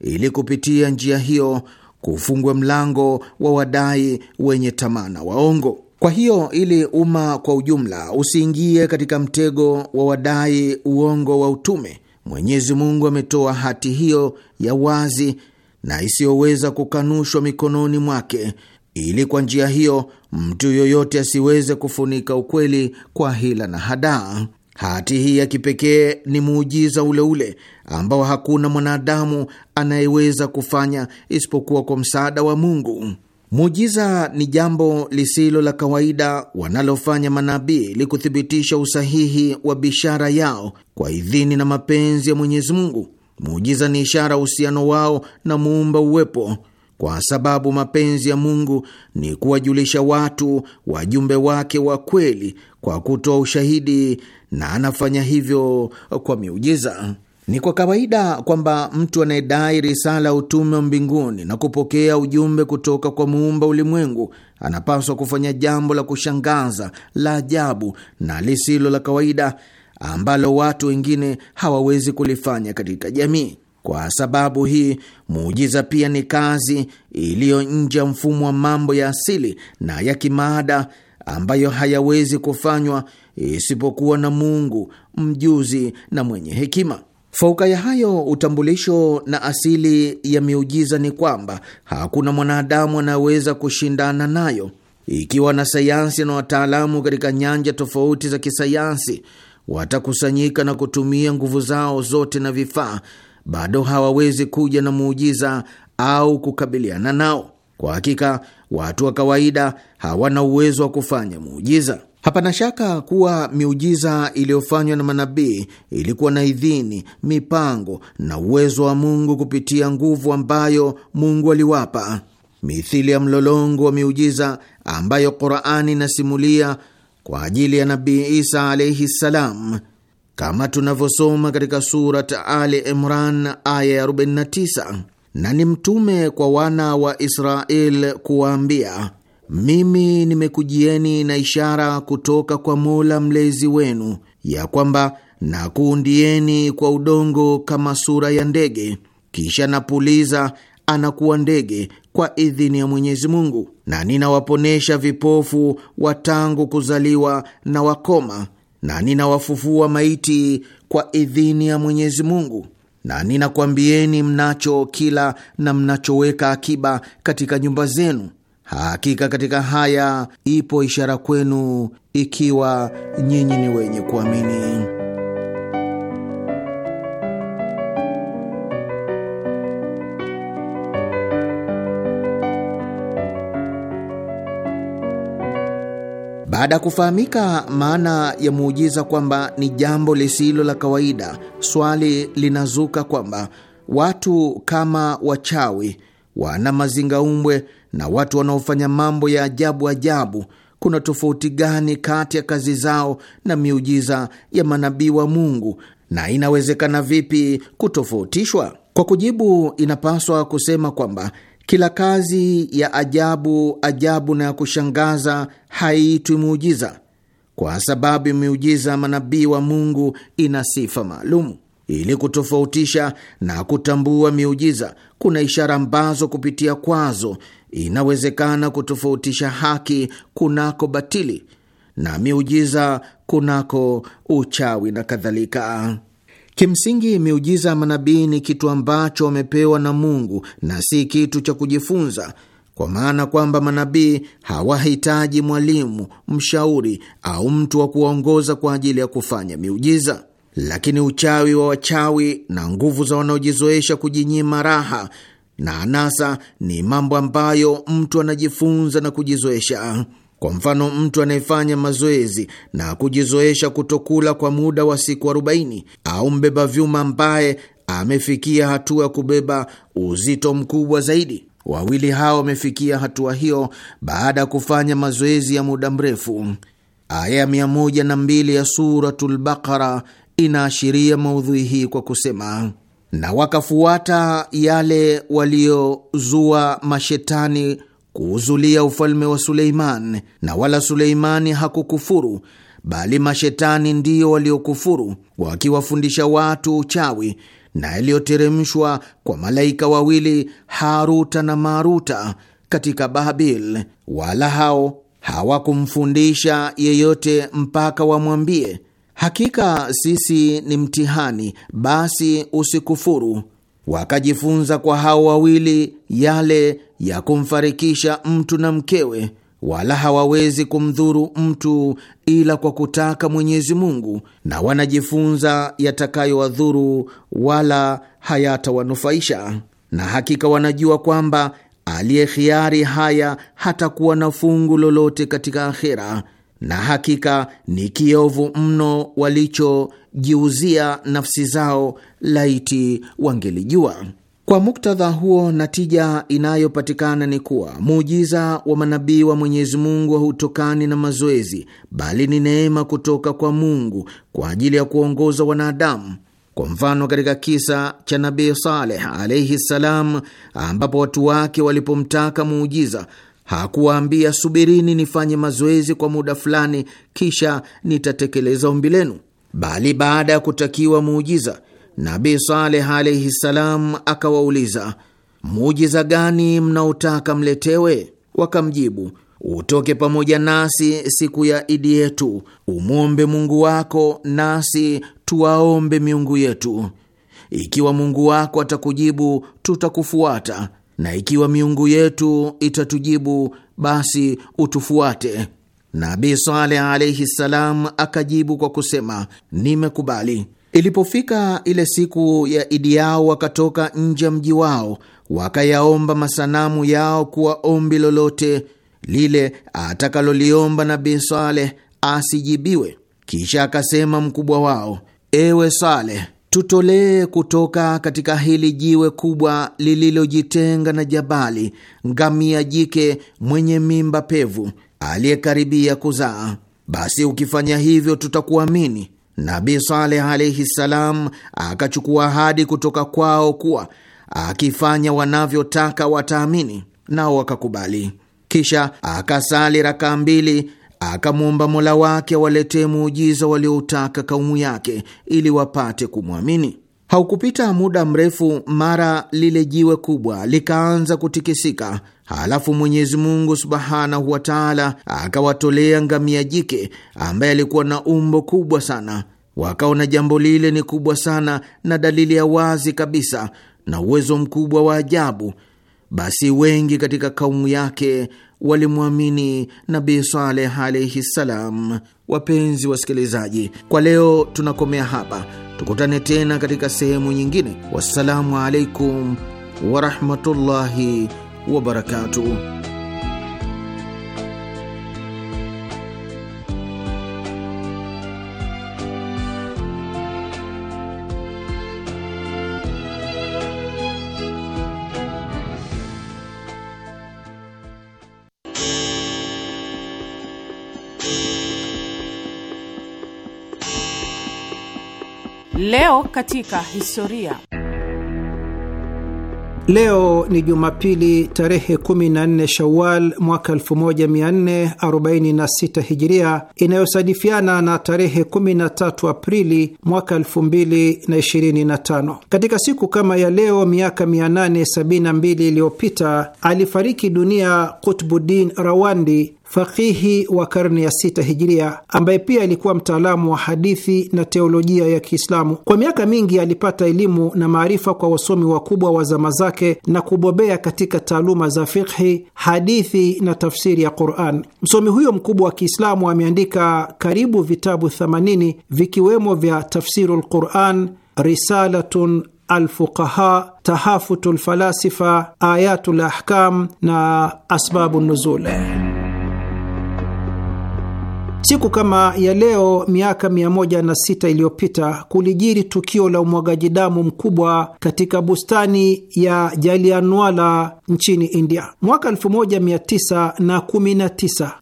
ili kupitia njia hiyo kufungwe mlango wa wadai wenye tamana waongo. Kwa hiyo, ili umma kwa ujumla usiingie katika mtego wa wadai uongo wa utume, Mwenyezi Mungu ametoa hati hiyo ya wazi na isiyoweza kukanushwa mikononi mwake, ili kwa njia hiyo mtu yoyote asiweze kufunika ukweli kwa hila na hadaa. Hati hii ya kipekee ni muujiza uleule ambao hakuna mwanadamu anayeweza kufanya isipokuwa kwa msaada wa Mungu. Muujiza ni jambo lisilo la kawaida wanalofanya manabii ili kuthibitisha usahihi wa bishara yao kwa idhini na mapenzi ya Mwenyezi Mungu. Muujiza ni ishara uhusiano wao na muumba uwepo, kwa sababu mapenzi ya Mungu ni kuwajulisha watu wajumbe wake wa kweli kwa kutoa ushahidi na anafanya hivyo kwa miujiza. Ni kwa kawaida kwamba mtu anayedai risala ya utume wa mbinguni na kupokea ujumbe kutoka kwa muumba ulimwengu anapaswa kufanya jambo la kushangaza, la ajabu na lisilo la kawaida ambalo watu wengine hawawezi kulifanya katika jamii. Kwa sababu hii, muujiza pia ni kazi iliyo nje ya mfumo wa mambo ya asili na ya kimaada ambayo hayawezi kufanywa isipokuwa na Mungu mjuzi na mwenye hekima. Fauka ya hayo, utambulisho na asili ya miujiza ni kwamba hakuna mwanadamu anayeweza kushindana nayo. Ikiwa na sayansi na wataalamu katika nyanja tofauti za kisayansi watakusanyika na kutumia nguvu zao zote na vifaa, bado hawawezi kuja na muujiza au kukabiliana nao. Kwa hakika watu wa kawaida hawana uwezo wa kufanya muujiza. Hapana shaka kuwa miujiza iliyofanywa na manabii ilikuwa na idhini, mipango na uwezo wa Mungu kupitia nguvu ambayo Mungu aliwapa, mithili ya mlolongo wa miujiza ambayo Qurani inasimulia kwa ajili ya Nabii Isa alaihi ssalam, kama tunavyosoma katika Surat Ali Imran aya ya 49 na ni mtume kwa wana wa Israel kuwaambia, mimi nimekujieni na ishara kutoka kwa Mola mlezi wenu, ya kwamba nakuundieni kwa udongo kama sura ya ndege, kisha napuliza anakuwa ndege kwa idhini ya Mwenyezi Mungu, na ninawaponesha vipofu wa tangu kuzaliwa na wakoma, na ninawafufua maiti kwa idhini ya Mwenyezi Mungu na ninakwambieni mnacho kila na mnachoweka akiba katika nyumba zenu. Hakika katika haya ipo ishara kwenu, ikiwa nyinyi ni wenye kuamini. Baada ya kufahamika maana ya muujiza kwamba ni jambo lisilo la kawaida, swali linazuka kwamba watu kama wachawi, wana mazingaumbwe na watu wanaofanya mambo ya ajabu ajabu, kuna tofauti gani kati ya kazi zao na miujiza ya manabii wa Mungu, na inawezekana vipi kutofautishwa? Kwa kujibu, inapaswa kusema kwamba kila kazi ya ajabu ajabu na ya kushangaza haitwi muujiza, kwa sababu miujiza manabii wa Mungu ina sifa maalumu. Ili kutofautisha na kutambua miujiza, kuna ishara ambazo kupitia kwazo inawezekana kutofautisha haki kunako batili na miujiza kunako uchawi na kadhalika. Kimsingi, miujiza ya manabii ni kitu ambacho wamepewa na Mungu na si kitu cha kujifunza, kwa maana kwamba manabii hawahitaji mwalimu, mshauri au mtu wa kuwaongoza kwa ajili ya kufanya miujiza. Lakini uchawi wa wachawi na nguvu za wanaojizoesha kujinyima raha na anasa ni mambo ambayo mtu anajifunza na kujizoesha. Kwa mfano, mtu anayefanya mazoezi na kujizoesha kutokula kwa muda wa siku 40 au mbeba vyuma ambaye amefikia hatua ya kubeba uzito mkubwa zaidi. Wawili hao wamefikia hatua hiyo baada ya kufanya mazoezi ya muda mrefu. Aya mbili ya Suratul Baqara inaashiria maudhui hii kwa kusema na wakafuata yale waliozua mashetani kuuzulia ufalme wa Suleiman, na wala Suleimani hakukufuru, bali mashetani ndiyo waliokufuru, wakiwafundisha watu uchawi na yaliyoteremshwa kwa malaika wawili Haruta na Maruta katika Babil, wala hao hawakumfundisha yeyote mpaka wamwambie, hakika sisi ni mtihani, basi usikufuru wakajifunza kwa hao wawili yale ya kumfarikisha mtu na mkewe, wala hawawezi kumdhuru mtu ila kwa kutaka Mwenyezi Mungu, na wanajifunza yatakayowadhuru wala hayatawanufaisha, na hakika wanajua kwamba aliye khiari haya hatakuwa na fungu lolote katika akhera na hakika ni kiovu mno walichojiuzia nafsi zao, laiti wangelijua. Kwa muktadha huo, natija inayopatikana ni kuwa muujiza wa manabii wa Mwenyezi Mungu hautokani na mazoezi, bali ni neema kutoka kwa Mungu kwa ajili ya kuongoza wanadamu. Kwa mfano, katika kisa cha Nabii Saleh alaihi ssalam, ambapo watu wake walipomtaka muujiza Hakuwaambia subirini nifanye mazoezi kwa muda fulani, kisha nitatekeleza ombi lenu, bali baada ya kutakiwa muujiza, Nabii Saleh alaihi ssalam akawauliza, muujiza gani mnaotaka mletewe? Wakamjibu, utoke pamoja nasi siku ya Idi yetu, umwombe Mungu wako, nasi tuwaombe miungu yetu. Ikiwa Mungu wako atakujibu, tutakufuata na ikiwa miungu yetu itatujibu basi utufuate. Nabii Saleh alaihi ssalam akajibu kwa kusema nimekubali. Ilipofika ile siku ya Idi yao, wakatoka nje ya mji wao, wakayaomba masanamu yao kuwa ombi lolote lile atakaloliomba Nabii Saleh asijibiwe. Kisha akasema mkubwa wao, ewe Saleh, tutolee kutoka katika hili jiwe kubwa lililojitenga na jabali, ngamia jike mwenye mimba pevu aliyekaribia kuzaa. Basi ukifanya hivyo tutakuamini. Nabi Saleh alaihi ssalam akachukua ahadi kutoka kwao kuwa akifanya wanavyotaka wataamini, nao wakakubali. Kisha akasali rakaa mbili akamwomba Mola wake awaletee muujiza walioutaka kaumu yake ili wapate kumwamini. Haukupita muda mrefu, mara lile jiwe kubwa likaanza kutikisika. Halafu Mwenyezi Mungu subhanahu wa taala akawatolea ngamia jike ambaye alikuwa na umbo kubwa sana. Wakaona jambo lile ni kubwa sana na dalili ya wazi kabisa na uwezo mkubwa wa ajabu. Basi wengi katika kaumu yake walimwamini Nabii Saleh alaihi ssalam. Wapenzi wasikilizaji, kwa leo tunakomea hapa, tukutane tena katika sehemu nyingine. Wassalamu alaikum warahmatullahi wabarakatuh. Leo katika historia. Leo ni Jumapili tarehe 14 Shawal mwaka 1446 Hijiria, inayosadifiana na tarehe 13 Aprili mwaka 2025. Katika siku kama ya leo miaka 872 iliyopita alifariki dunia Kutbuddin Rawandi, fakihi wa karne ya sita hijiria, ambaye pia alikuwa mtaalamu wa hadithi na teolojia ya Kiislamu. Kwa miaka mingi alipata elimu na maarifa kwa wasomi wakubwa wa zama zake na kubobea katika taaluma za fikhi, hadithi na tafsiri ya Quran. Msomi huyo mkubwa wa Kiislamu ameandika karibu vitabu 80 vikiwemo vya Tafsiru lquran, Risalatun Alfuqaha, Tahafutu lfalasifa, Ayatu lahkam na Asbabu nuzul. Siku kama ya leo miaka 106 iliyopita kulijiri tukio la umwagaji damu mkubwa katika bustani ya Jalianwala nchini India mwaka 1919 na,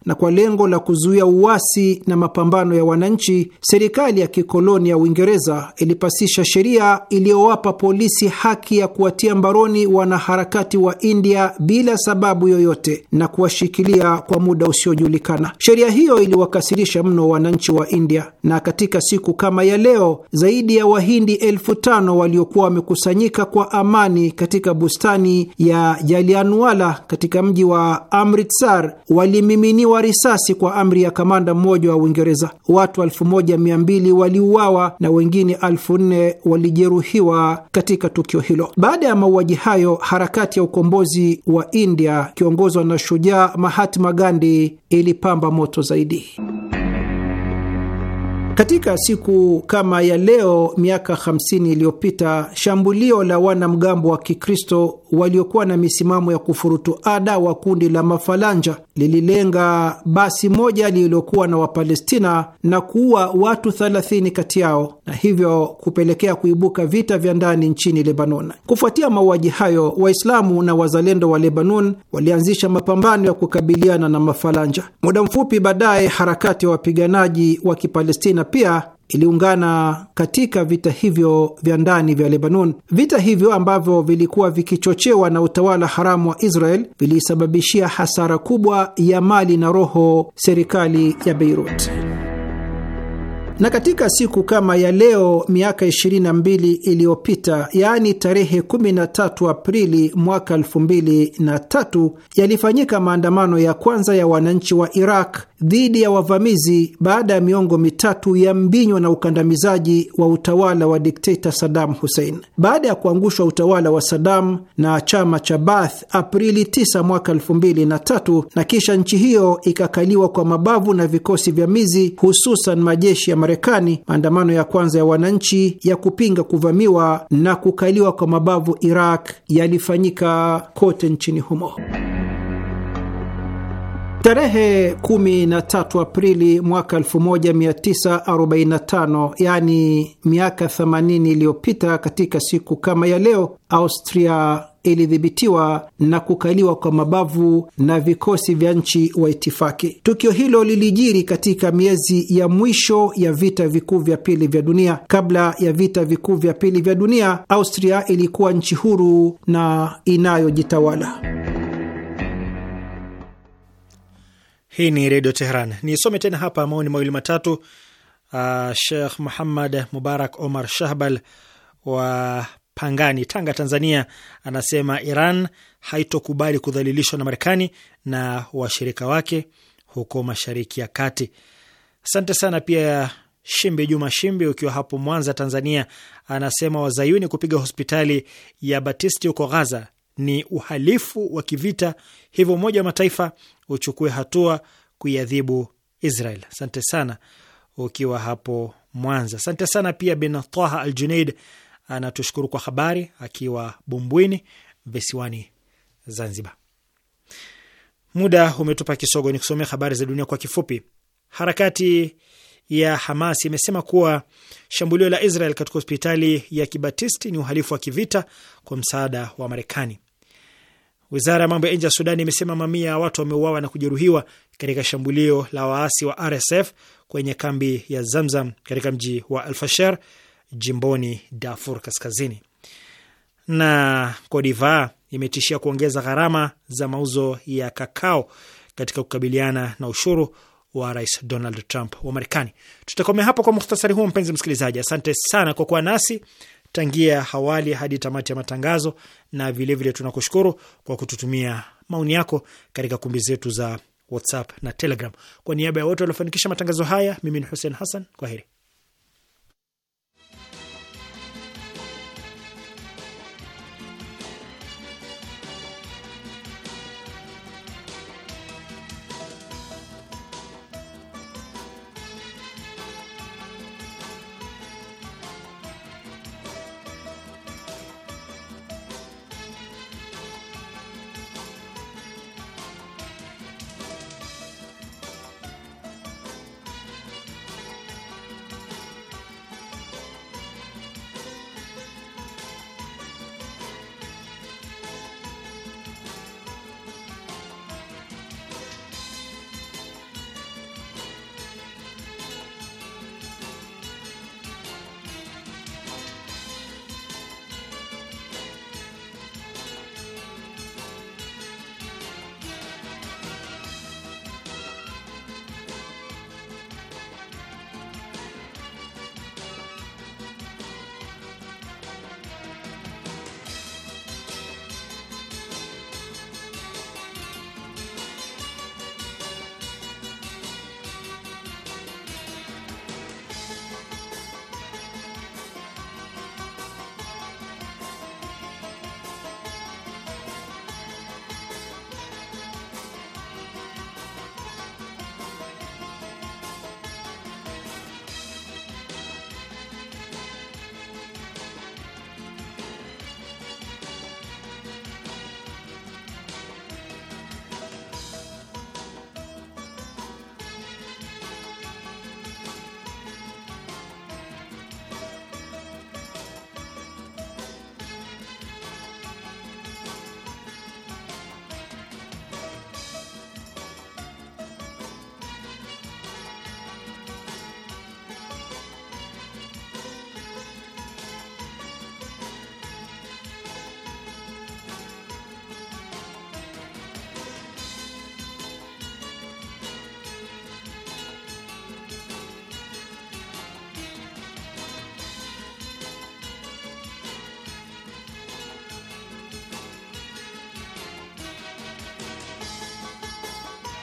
na kwa lengo la kuzuia uasi na mapambano ya wananchi, serikali ya kikoloni ya Uingereza ilipasisha sheria iliyowapa polisi haki ya kuwatia mbaroni wanaharakati wa India bila sababu yoyote na kuwashikilia kwa muda usiojulikana. Sheria hiyo iliwaka kuwakasirisha mno wananchi wa India, na katika siku kama ya leo zaidi ya Wahindi elfu tano waliokuwa wamekusanyika kwa amani katika bustani ya Jalianwala katika mji wa Amritsar walimiminiwa risasi kwa amri ya kamanda mmoja wa Uingereza. Watu elfu moja mia mbili waliuawa na wengine elfu nne walijeruhiwa katika tukio hilo. Baada ya mauaji hayo, harakati ya ukombozi wa India kiongozwa na shujaa Mahatma Gandhi ilipamba moto zaidi. Katika siku kama ya leo miaka 50 iliyopita shambulio la wanamgambo wa Kikristo waliokuwa na misimamo ya kufurutu ada wa kundi la Mafalanja lililenga basi moja lililokuwa na Wapalestina na kuua watu 30 kati yao na hivyo kupelekea kuibuka vita vya ndani nchini Lebanon. Kufuatia mauaji hayo, Waislamu na wazalendo wa Lebanon walianzisha mapambano ya kukabiliana na Mafalanja. Muda mfupi baadaye, harakati ya wapiganaji wa Kipalestina pia iliungana katika vita hivyo vya ndani vya Lebanon. Vita hivyo ambavyo vilikuwa vikichochewa na utawala haramu wa Israel vilisababishia hasara kubwa ya mali na roho serikali ya Beirut. Na katika siku kama ya leo miaka 22 iliyopita, yaani tarehe 13 Aprili mwaka 2003, yalifanyika maandamano ya kwanza ya wananchi wa Iraq dhidi ya wavamizi baada ya miongo mitatu ya mbinywa na ukandamizaji wa utawala wa dikteta Saddam Hussein. Baada ya kuangushwa utawala wa Saddam na chama cha Baath Aprili 9 mwaka 2003, na kisha nchi hiyo ikakaliwa kwa mabavu na vikosi vya mizi, hususan majeshi ya Marekani, maandamano ya kwanza ya wananchi ya kupinga kuvamiwa na kukaliwa kwa mabavu Iraq yalifanyika kote nchini humo. Tarehe 13 Aprili mwaka 1945 yaani miaka 80 iliyopita, katika siku kama ya leo, Austria ilidhibitiwa na kukaliwa kwa mabavu na vikosi vya nchi wa itifaki. Tukio hilo lilijiri katika miezi ya mwisho ya vita vikuu vya pili vya dunia. Kabla ya vita vikuu vya pili vya dunia, Austria ilikuwa nchi huru na inayojitawala. Hii ni Redio Teheran. Nisome tena hapa maoni mawili matatu. Uh, ah, Shekh Muhammad Mubarak Omar Shahbal wa Pangani, Tanga, Tanzania, anasema Iran haitokubali kudhalilishwa na Marekani na washirika wake huko Mashariki ya Kati. Asante sana pia Shimbi Juma Shimbi, ukiwa hapo Mwanza, Tanzania, anasema wazayuni kupiga hospitali ya Batisti huko Ghaza ni uhalifu wa kivita, hivyo Umoja wa Mataifa uchukue hatua kuiadhibu Israel. Asante sana ukiwa hapo Mwanza. Asante sana pia Bin Taha Al Junaid anatushukuru kwa habari akiwa Bumbwini visiwani Zanzibar. Muda umetupa kisogo, ni kusomea habari za dunia kwa kifupi. Harakati ya Hamas imesema kuwa shambulio la Israel katika hospitali ya Kibatisti ni uhalifu wa kivita kwa msaada wa Marekani. Wizara ya mambo ya nje ya Sudani imesema mamia ya watu wameuawa na kujeruhiwa katika shambulio la waasi wa RSF kwenye kambi ya Zamzam katika mji wa Alfasher jimboni Darfur Kaskazini. Na Kodiva imetishia kuongeza gharama za mauzo ya kakao katika kukabiliana na ushuru wa Rais Donald Trump wa Marekani. Tutakomea hapo kwa muhtasari huo. mpenzi msikilizaji. Asante sana kwa kuwa nasi tangia hawali hadi tamati ya matangazo, na vilevile vile tunakushukuru kwa kututumia maoni yako katika kumbi zetu za WhatsApp na Telegram. Kwa niaba ya wote waliofanikisha matangazo haya, mimi ni Hussein Hassan, kwa heri.